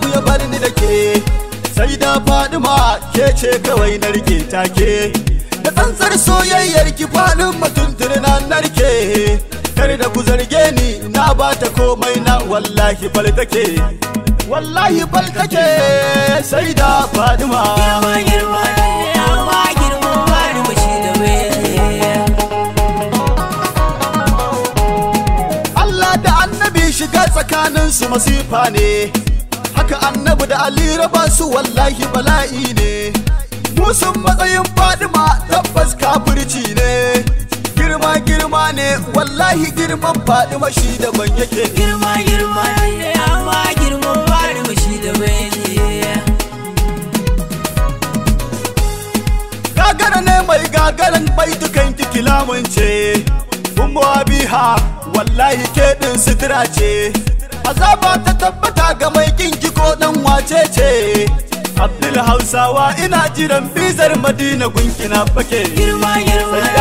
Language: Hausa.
ku ya bar ni da sai da fadima ke ce kawai na rike ke. da tsantsar soyayyar ki fadin mutuntun na narke kar da ku zarge ni na ba ta komai na wallahi bal take wallahi bal take sai da faduma girma girma da annabi shiga tsakaninsu masifa ne haka annabi da ali raba su wallahi bala'i ne musun matsayin fadima tabbas kafirci ne girma girma ne wallahi girman fadima shi daban yake girma girma ne amma girman fadima shi daban yake gagara ne mai gagaran baitukan kilamun ce kuma biha wallahi ke din sutura ce azaba ta tabbata ga mai kin wace ce Abdul Hausawa ina jiran bizar Madina gunkina fake girma girma